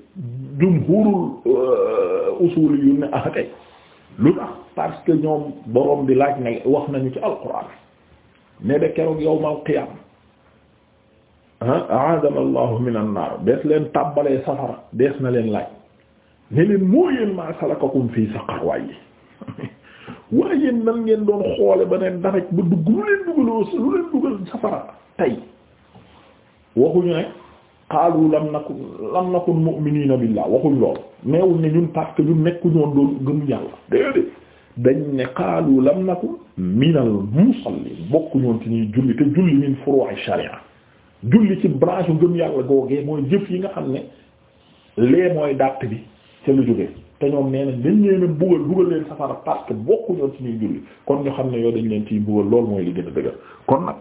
jumhurul euh, usul yu ne ah kay lu tax parce que ñoom borom bi laaj na wax nañu ci alquran ne de keroog yawmal qiyaam ah, aadana allahu min an naar dees leen tàbbalee safara dees na leen laaj ne leen moo yéen maa salakakum fii saqar waaye waaye yéen nan ngeen doon xoole ba neen daraj ba dugg lu leen dugaloo lu leen dugal safara tey waxuñu ne qaalu lam nakun lam nakun mu'minina billah waxuñ lool neewul ne ñun parce que ñun nekku ñoon doon gëm yàlla déedéet dañ ne qaalu lam nakun minal musallin bokku ñoon ci ñuy julli te julli min furu'i sharia julli ci branche gëm yàlla googee mooy jëf yi nga xam ne lee mooy dàtt bi ca lu jógee te ñoom nee nañ dañ leen a buggal buggal leen safara parce que ci ñuy julli kon ñu xam ne yow dañ leen ciy buggal lool mooy li gën a dëgër kon nag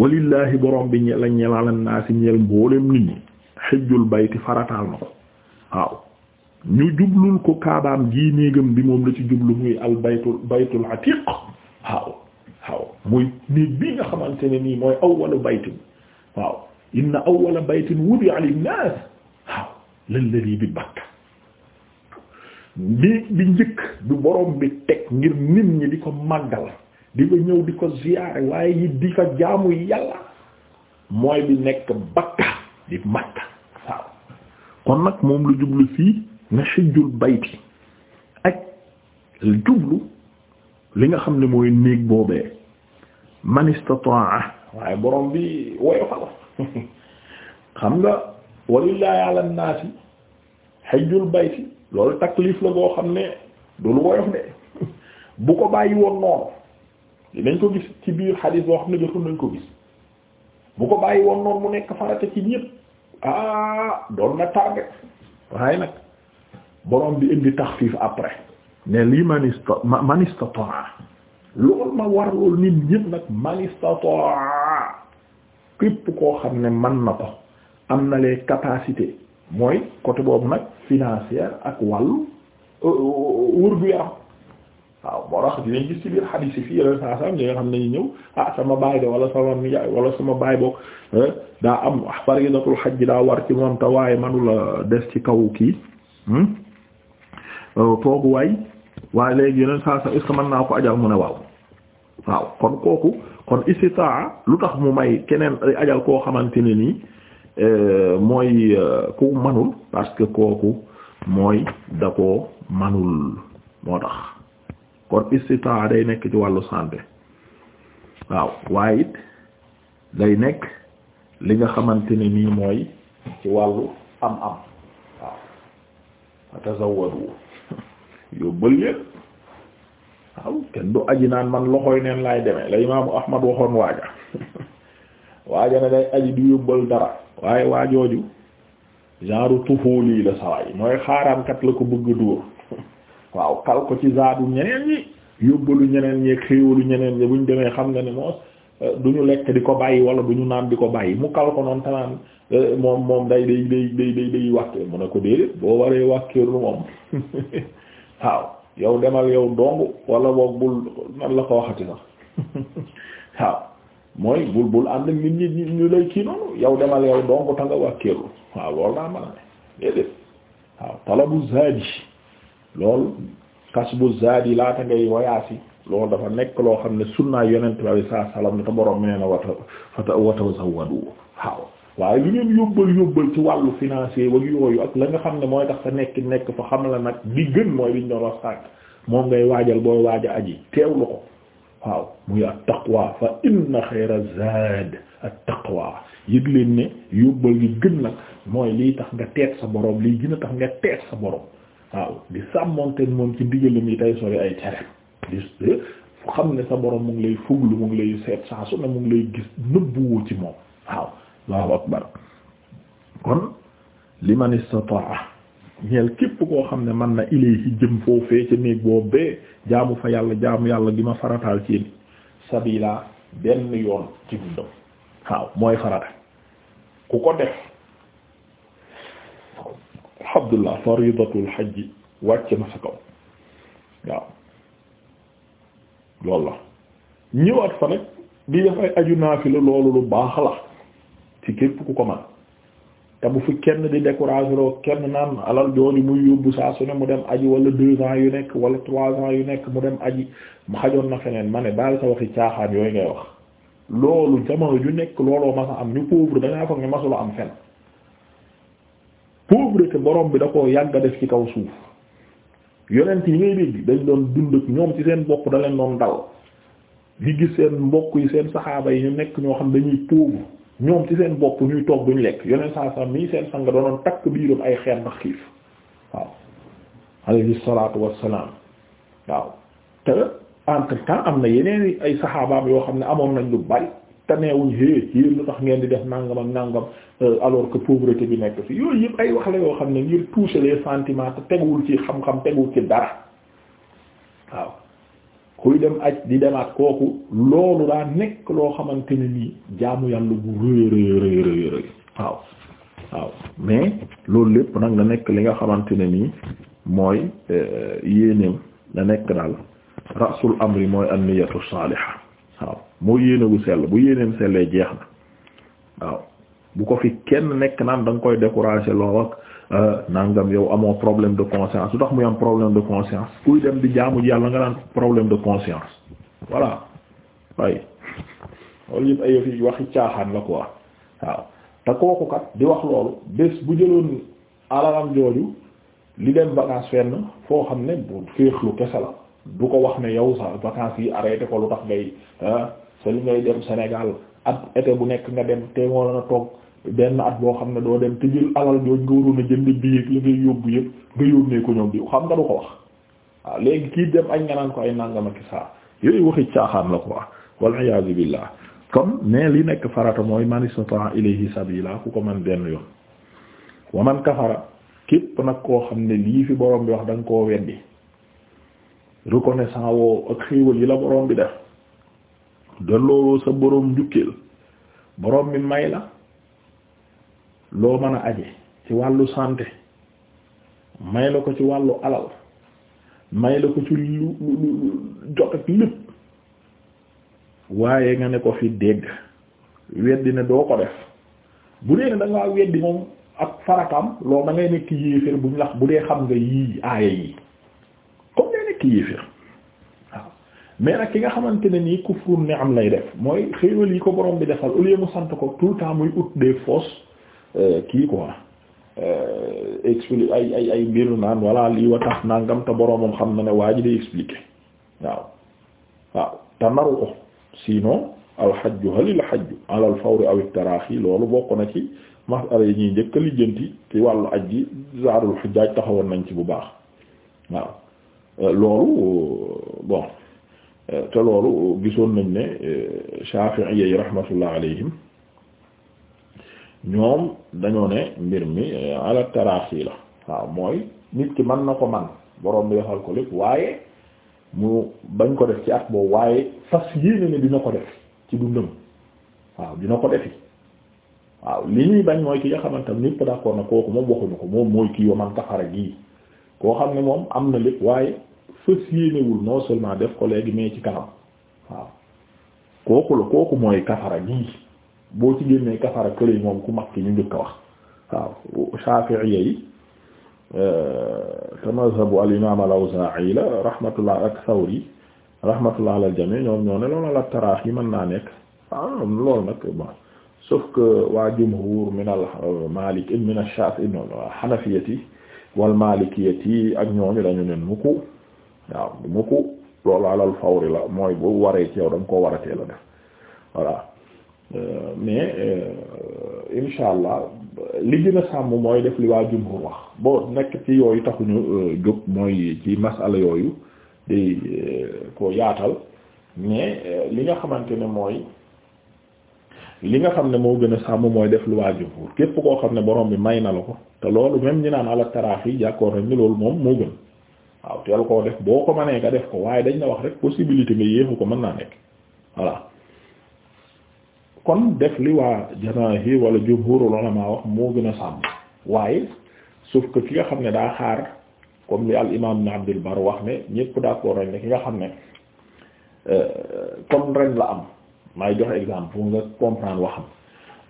walillahi borom bi ñe la ñelala naa si ñel mboolem nit ñi xijjul bayti farataal na ko waaw ñu jublul ko kaabaam gii néegam bi moom la ci jublu muy al baytul baytul waaw waaw muy néeg bi nga xamante ne nii mooy awwalu baytin waaw inna awwala baytin wudi'a lin-nas waaw lalladhi bi bakka bi bi njëkk du borom bi teg ngir nit ñi di ko màggal di ko ñëw di ko ziyaare waaye yi di fa jaamu yàlla mooy bi nekk bakka di makka waaw kon nag moom lu jublu fii na xijjul bayti ak jublu li nga xam ne mooy néeg boobee man istata'a waaye borom bi woyofal xam nga walillahi ala naasi xijjul bayti loolu taklif la boo xam ne du lu woyof de bu ko bàyyi woon noonu dinañ ko gis ci biir xadiis boo xam ne jotul nañ ko gis bu ko bàyyi woon noonu mu nekk farata ci ñépp ah doon na tarde waaye nag borom bi indi taxfiif après ne lii manista manistatoa loolu ma war loolu nit ñépp nag manistatoa képp koo xam ne man na ko am na les capacité mooy côté boobu nag financière ak wàllu euh, euh, wër gu yaram waaw moo tax dinañ gis ci biir xadiis yi fii yeneen saa xam ne ñu ñëw ah sama baay de wala sama nijaay wala sama baay boog eh, daa am fariidatul xaj daa war ci moom te waaye manula des ci kaw kii hmm? oh, toogu waay waaye léegi yeneen saa saa est-ce mën naa ko ajal mu ne waaw waaw kon kooku kon istitaa lu tax mu may keneen ajal koo xamante ne nii eh, mooy eh, ku manul parce que kooku mooy da koo manul moo tax kon istitaa day nekk ci wàllu santé waaw waaye it day nekk li nga xamante ne nii mooy ci wàllu am-am waaw fatazawwadu yóbbal yépp waaw kenn du aji naan man loxoy neen laay demee la imaamu Ahmad waxoon waaja waaja ne day aji du yóbbal dara waaye waajooju genre tufuuli la sawaay mooy xaaraankat la ko bëgg dóor waaw kal ko ci zaadu ñeneen ñi yóbbalu ñeneen ñeeg xéewalu ñeneen ñi buñ demee xam nga ni moos euh, du ñu lekk di ko bàyyi wala du ñu naan di ko bàyyi mu kal ko noonu euh, day day day day day day ne ko déedéet boo waree wàkkir lu moom waaw yow demal yow dong wala boog bul nan la ko waxati sax waaw mooy bul bul ànd nit ñi ñu lay kii noonu yow demal yow dong ta nga wàkkirlu waaw loolu daa mën a ne talabu zaadi loolu kas bu zaadi laata ngay wayaasi loolu dafa nekk loo xam ne sunnaa yonent bi sallallahu alayhi wasallam te borom nee na wata fata watazawwadu waaw waaye lu ngeen yóbbal yóbbal ci wàllu financier wag yooyu ak la nga xam ne mooy tax sa nekk nekk fa xam la nag li gën mooy liñ doon wax moom ngay waajal booy waaja aji teewlu ko waaw muy at-taqwa fa inna xayra zaad at-taqwa yëg leen ne yóbbal gi gën nag mooy lii tax nga teet sa borom lii gën a tax nga sa borom waaw di sàmmonte moom ci digalam yi tey sori ay tere di xam ne sa borom mu ngi lay fuglu mu ngi lay seet saa su ne mu ngi lay gis nëbbuwoo ci moom waaw Allahu akbar kon liman istataa ñeel képp koo xam ne man na ilayhi jëm foofee ca néeg boobee jaamu fa yàlla jaamu yàlla di ma farataal ci sabila benn yoon ci dundam waaw mooy farata ku ko def abdullah faridatul hajj wàcc na sa kaw waaw loolu la ñëwaat fa nag di def ay aju naafila loolu lu baax la ci képp ku ko man te bu fi kenn di découragé loo kenn naan alal jooju muy yóbbu saa su ne mu dem aji wala deux ans yu nekk wala trois ans yu nekk mu dem aji mu xajoon na feneen ma ne baal sa waxi caaxaan yooyu ngay wax loolu jamono ju nekk looloo masa am ñu pauvre dangaa foog ne masula am fen borom bi da ko yàgg def ci kaw suuf yonent yi ngay dégg dañ doon dund ak ñoom ci seen bopp da leen doon dal li gis seen mbokk yi seen saxaaba yi ñu nekk ñoo xam ne dañuy pauvre ñoom ci seen bopp ñuy toog duñu lekk yonent saa saa seen seen sang doonoon takk biiram ay xeer ndax xiif waaw alayhi salaatu wassalaam waaw te entre temps am na yeneen ay saxaabaam yoo xam ne amoon nañ lu bari te neewuñ hé yéen lu tax ngeen di def nangam ak nangam euh, alors que pauvreté bi nekk fi yooyu yëpp ay wax la yoo xam ne ngir toucher les sentiment te teguwul ci xam-xam teguwul ci dara waaw kuy dem ak di demaat kooku loolu daa nekk loo xamante ne nii jaamu yàlla bu rëy rëy rëy waaw waaw mais loolu lépp nag na nekk li nga xamante ne nii mooy euh, yéenéem na nekk daal rasul amri mooy an-niyatu salihah waaw moo yéene bu sell bu yéeneem sellee jeex na waaw bu ko fi kenn nekk naan da nga koy décourager loo ak euh, nangam yow amoo problème de conscience lu tax muy am problème de conscience kuy dem di jaamu yàlla nga naan problème de conscience voilà waaye loolu yëpp ay yëf yi waxi caaxaan la quoi waaw te kooku di wax loolu bés bu jëloon alalam jooju li dem vacances fenn foo xam ne féexlu kese la du ko wax ne yow sa vacances yi arrêté ko lu tax ngay ah, sa li ngay dem Sénégal at été bu nekk nga dem te moo la toog benn at boo xam ne doo dem te jël alal jooj nga waroon a jënd billet li ngay yóbbu yëpp nga yónnee ko ñoom bi xam nga du ko wax waaw léegi kii dem ay nga naan ko ay nangama ki saa yooyu waxi caaxaan la quoi wal iyaazu billah kon mais li nekk farata mooy man istata'a ilayhi sabila ku ko man benn yoon wa man kafara képp nag koo xam ne lii fi wax da nga koo weddi reconnaissant woo ak xéewal yi la borom bi def delloo sa borom njukkeel borom bi may la loo mën a aje ci wàllu santé may la ko ci wàllu alal may la ko ci lu jot ak lépp waaye nga ne ko fi dégg weddi ne doo ko def bu dee ne da weddi moom ak faratam loo da ngay nekk yéeféer buñ lax bu dee xam nga yii aaya yi nekk yéeféer waaw mais nag ki nga xamante ne nii kufru ni am lay def mooy xéewal yi ko borom bi defal au lieu mu sant ko tout le temps muy ut des fausses euh, kii quoi euh, explique ay ay ay mbiru naan voilà lii wa tax nangam te boromam xam na ne waa ji day expliquer waaw waaw te naru ko sinon alxajju halil xajju alal fawri aw taraaxi loolu bokk na ci masala yi ñuy njëkk a lijjanti ci wàllu aj gi zaarul xujjaaj taxawoon nañ ci bu baax waaw Euh, loolu euh, bon euh, te loolu gisoon nañ ne Shafi'i yi rahmatullah alayhim ñoom dañoo ne mbir mi ala taraasi la waaw mooy nit ki man na ko man boroom bi defal ko lépp waaye mu bañ ko def ci ak boobu waaye fas yéene ne dina ko def ci dundam waaw dina ko defi waaw li ñuy bañ mooy ki nga xamante ne ñépp d'accord na kooku moom waxuñu ko moom mooy kii wa man gii koo xam ne moom am na lépp waaye fës yéenewul non seulement def ko léegi mais ci kanam waaw kooku la kooku mooy kafara gii boo ci génnee kafara kële moom ku mag ki ñu njëkk wax waaw Shafi'iyya yi euh, te mazhabu al imam al Awzaa'i la rahmatullah ak Thawri rahmatullah ala al jami' ñoom ñoo ne loolu la taraax yi mën naa nekk ah loolu nag bon sauf que waa jumhur min al euh, Malik min al Shafi'i non Hanafiyyati wal Malikiyyati ak ñooñu dañu ne mukk waaw mu loolu alal fawri la mooy bu waree ci yow da koo war a teel a def voilà euh, mais euh, insha allah li gën a sàmm mooy def li waa jumhur wax boo nekk ci yooyu taxuñu euh, jóg mooy ci masala yooyu day ko yaatal mais li nga xamante ne mooy li nga xam ne moo gën a sàmm mooy def lu waa jumhur képp koo xam ne borom bi may na la ko te loolu même ñi naan ala taraax yi jàkkoor nañ ni loolu moom moo gën waaw teel koo def boo ko mënee nga def ko waaye dañ la wax rek possibilité nga yéexu ko mën naa nekk voilà kon def li waa janaahi wala jumhurul ulama wax moo gën a sàmm waaye sauf que ki nga xam ne daa xaar comme li al imam ibn Abdul Bar wax ne ñépp daa nañ ne ki nga xam ne comme euh, ren la am may jox exemple pour nga comprendre waxam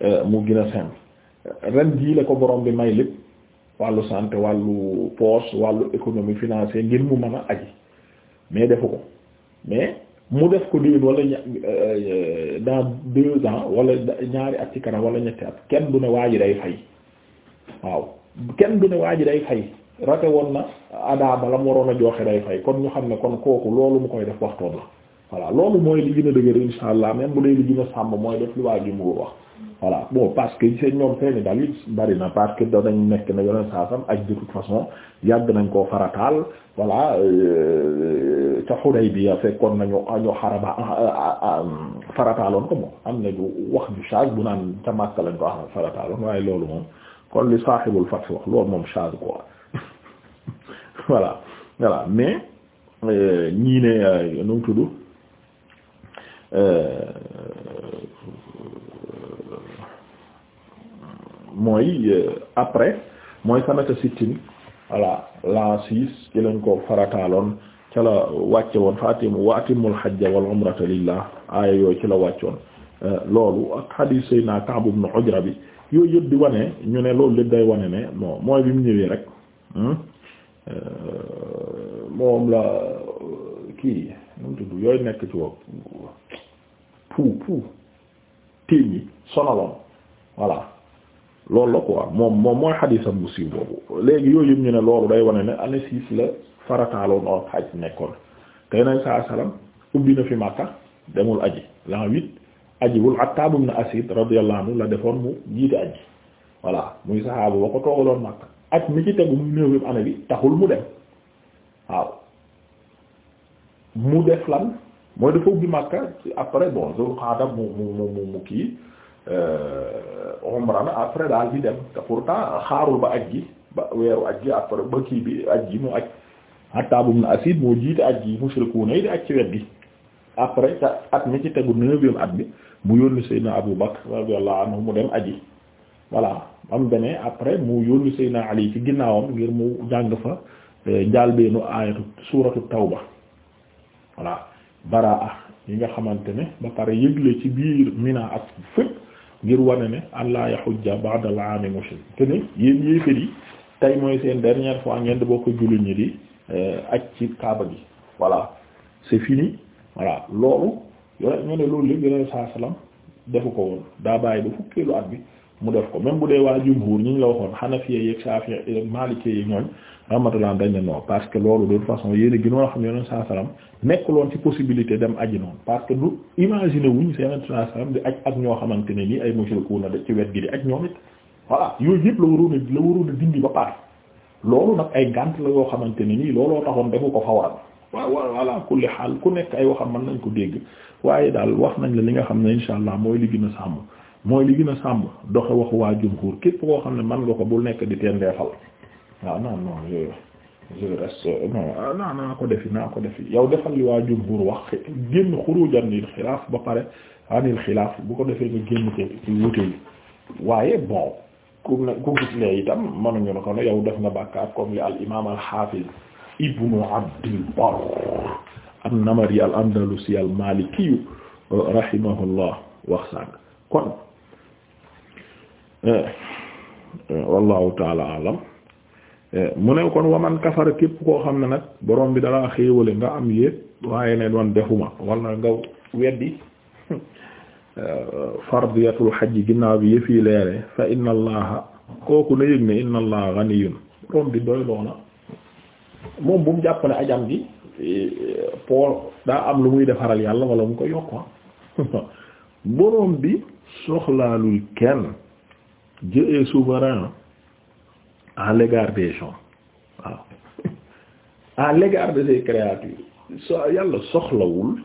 euh, mu gën a simple ren jii la ko borom bi may lépp wàllu santé wàllu poche wàllu économie financière ngir mu mën a aji mais defu ko mais mu def ko déwén wala ña euh, dans deux ans wala ñaari ak ci kanam wala ñetti at kenn du ne waa ji day fay waaw kenn du ne waa ji day fay rate woon na adaa bala mu waroon a joxe day fay kon ñu xam ne kon kooku loolu mu koy def waxtoon la voilà loolu mooy li gën a dëgër insha allah même bu dee li gën a sàmm mooy def li waa ji mu wax. voilà bon parce que seen ñoom seeni dalil bari na parce que danañ nekk na yoneen saasam ak de toute façon yàgg nañ koo farataal voilà euh, ca Hudaybiya fekkoon nañu ñu xaraba ah, ah, ah, farataaloon ko moom am na du wax ju change bu naan ca Makka lañ ko wax farataaloon waaye loolu moom kon li sahibul fath wax loolu moom change quoi voilà voilà mais euh, ñii euh, nu mu tudd Euh, mooy euh, après mooy sanata sittin voilà l'an six ci lañ ko farataaloon ca la wàcce woon fa atim wa atimul hajja wal umrata lillah aaya yooyu ci la wàccoon euh, loolu ak hadith sayna Ka'b ibn Ujra bi yooyu yëpp di wane ñu ne loolu lépp day wane ne bon mooy bi mu ñëwee rek hmm? moom la kii mu tudd yooyu nekk ci wow pou pou téeñ yi sonaloon voilà lool la quoi moom moom mooy xadisam bu siiw boobu léegi yooyu yëpp ñu ne loolu day wane ne année six la farataaloon or xaj nekkoon te yeneen saa salaam ubbi na fi Makka demul aji l'an huit ajiwul Attaab ibn Asiid radiyallahu anhu la defoon mu jiite aji voilà muy saxaabu ba ko toogaloon Makka ak mi ci tegu mu néew yëpp année bi taxul mu dem waaw mu def lan mooy dafa ubbi Makka ci après bon Zul Qada mu mu mu mu kii euh, umra na après daal di dem te pourtant xaarul ba aj gi ba weeru aj gi après ba kii bi aj gi mu aj attaabum na asid moo ci wet gi après te at mi ci tegu neuvième at bi mu yónni Seydina Abu Bakr radiyallahu anhu mu dem aji voilà am beneen après mu yónni Seydina Ali ci ginnaawam ngir mu jàng fa euh, njàlbeenu aayatu suuratu ba voilà baraa yi nga xamante ne ba pare yëgle ci biir Mina ak fépp ngir wane ne allah yahujja ba'da al-aam mushrik te ne yéen yéefar yi tey mooy seen dernière fois ngeen di bokk jullit ñi di eh, aj ci kaaba gi voilà c'est fini voilà loolu yore ñu loolu lépp yeneen saa salaam defu ko woon daa bàyyi ba fukkeelu at bi mu def ko même bu dee waa jumhur ñu ñu la waxoon Hanafiya yeeg Shafi'i yeeg Maliki yeeg ñooñ rahmatullah dañ ne non parce que loolu de toute façon yéen a gënoon xam yoneen saa nekkuloon ci possibilité dem aji noonu parce que du imaginer wuñ si yoneen saa salaam di aj ak ñoo xamante ne nii ay na da ci wet gi di aj ñoom it voilà yooyu yëpp la waroon a la waroon dindi ba pare loolu nag ay gànt la yoo xamante ne nii looloo taxoon defu ko fawran waaw waaw voilà kulli xaal ku nekk ay waxam man nañ ko dégg waaye daal wax nañ la li nga xam ne insha allah mooy li gën a sàmm mooy li gën a sàmm doxe waxu waa jumhur képp koo xam ne mën nga ko bul nekk di teen deefal ah non non naa ko defi naa ko defi yow defal li waa jumhur wax génn xurujan lil xilaaf ba pare anil xilaaf bu ko defee nga génn ko ci wute waaye bon ku gis ne itam mënuñu ne ko yow def nga bàkkaar comme li al imaam al xaafiz ibnu abdil bar namari al andalusi al maliki euh, rahimahullah wax sànq kon euh, euh, wallahu taala alam mu ne kon waman kafara képp koo xam ne nag borom bi dalaa xéewale nga am yépp waaye ne doon defuma wala nga weddi euh, fardiyatul xajji ginnaaw bi yëf yi leere fa inna allaha kooku na yëg ne inna allaha ganiyun borom bi doy moom bu mu jàpp ne ajam gi euh, pool daa am lu muy defaral yàlla wala mu ko yokk borom bi soxlaalul kenn jë'ee souverain à l'égard des so yàlla soxlawul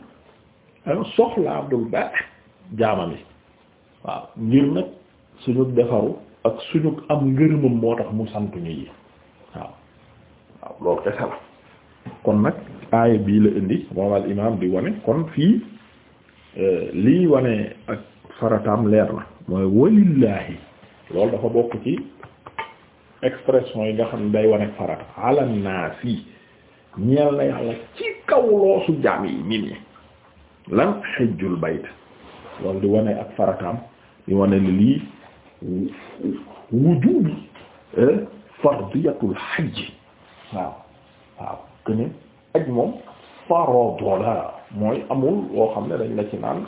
soxlaadul ba jaamam yi waaw ngir nag suñu defaru ak suñu am ngërëmam moo tax mu santuñu yi waaw waaw loolu kese la kon nag aaya bii la indi moom al imaam di wane kon fii euh, lii wane ak farataam leer na mooy walillahi loolu dafa bokk ci expression yi nga xam ne day wane farata ala naas yi ñeel na yàlla ci kaw loosu jaam yi nit ñi lan xijjul bayt loolu di wane ak farataam di wane li lii wujubi eh, fardiyatul xajj waaw waaw këne aj moom farado la mooy amul loo xam ne dañ la ci naan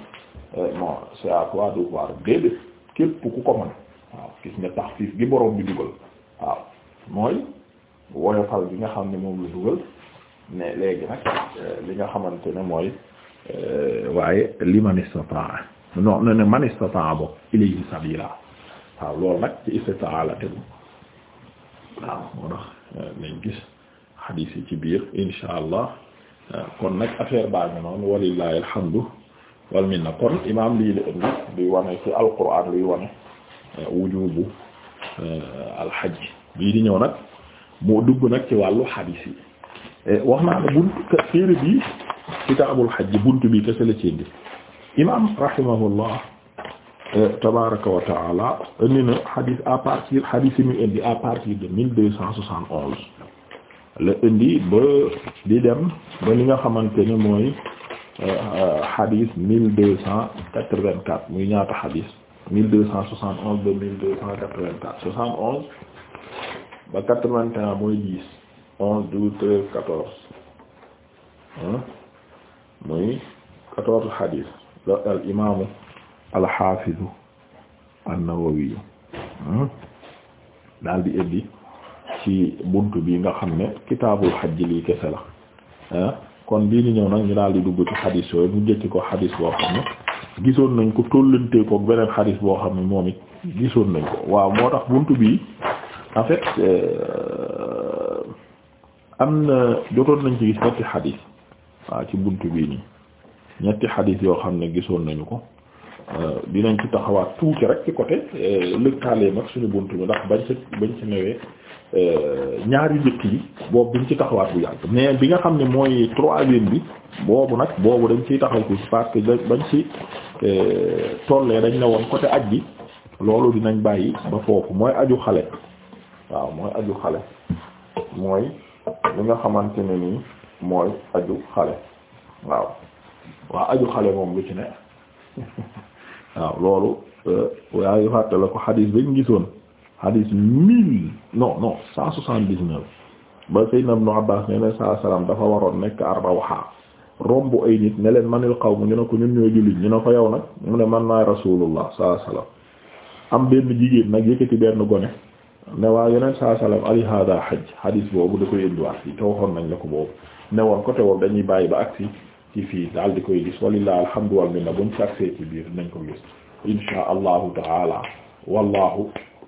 bon eh, c'est à toi de voir déedéet képp ku ko mën waaw gis nga tax fiif gi borom bi dugal waaw mooy woyofal bi nga xam ne moom la dugal ne léegi nag euh, li nga xamante ne mooy euh, waaye li man istata'a non ne man istata'a bokk ilayhi sabila waaw loolu nag ci istata'a la tegu waaw moo tax euh, nañ gis xadiis yi ci biir insha allah kon nag affaire baa ngi noonu walillahi alhamdu wal minna lii la ci alquran luy wane wujubu Euh, alxaj bii di ñëw nag moo dugg nag ci wàllu xadiis yi eh, wax naa ne bunt téere bi kitaabul xaj bunt bi kese la ci indi imaam rahimahullah eh, tabaraka wa indi na xadiis à partir xadiis yi muy indi à partir de la indi ba di dem ba li nga xamante ne mooy eh, xadiis mille deux cent quatre-vingt-quatre muy ñaata xadiis 1271 ba 1284 71 ba 81 mooy 10 11 12 13 14 ah mooy 14 la al imaamu alxaafizu an-Nawawi daal di indi ci buntu bi nga xam ne kitaabul xajj lii kese la ah kon bii di ñëw nag ñu daal di dugg ci hadis yooyu mu jëkki ko hadis boo xam ne. gisoon nañ ko tollantee ko beneen xadis boo xam ne moom it gisoon nañ ko waaw moo tax buntu bi en fait euh, am na jotoon nañ ci gis ñetti xadis waaw ci bunt bii nii ñetti xadis yoo xam ne gisoon nañu ko euh, dinañ ci taxawaat tuuti rek ci côté euh, lëkkaaleem ak suñu buntu bi ndax bañ ci bañ ci newee Euh, ñaari njëkk yi boobu dañ ci taxawaat bu yàgg mais bi nga xam ne mooy troisième bi boobu nag boobu dañ ciy taxaw ci parce que bañ ci euh, tollee dañ ne woon côté aj bi loolu dinañ bàyyi ba foofu mooy aju xale waaw mooy aju xale mooy li xamante ne nii mooy aju xale waaw aju xale moom lu ci ne waaw loolu euh, waaye fàtte la ko xadiis bañ gisoon hadis mille non non cent soixante-dix-neuf ba Seydina Ibnu Abbaas nee na saa salaam dafa waroon nekk arbawaxaa romb ay nit ne leen manil xaw mu ñu ne ko ñun ñoo jullit ñu ne ko yow nag mu ne man maay rasulullah saa salaam am benn jigéen nag yëkkati benn gone ne waa yeneen saa salaam ali hada hajj boobu da koy indiwaat fii te waxoon nañ la ko boobu ne woon ko te woon dañuy bàyyi ba agsi ci fii daal di koy gis walillahi alhamdu wal minna buñ ci agsee ci biir nañ ko gis insha allahu taala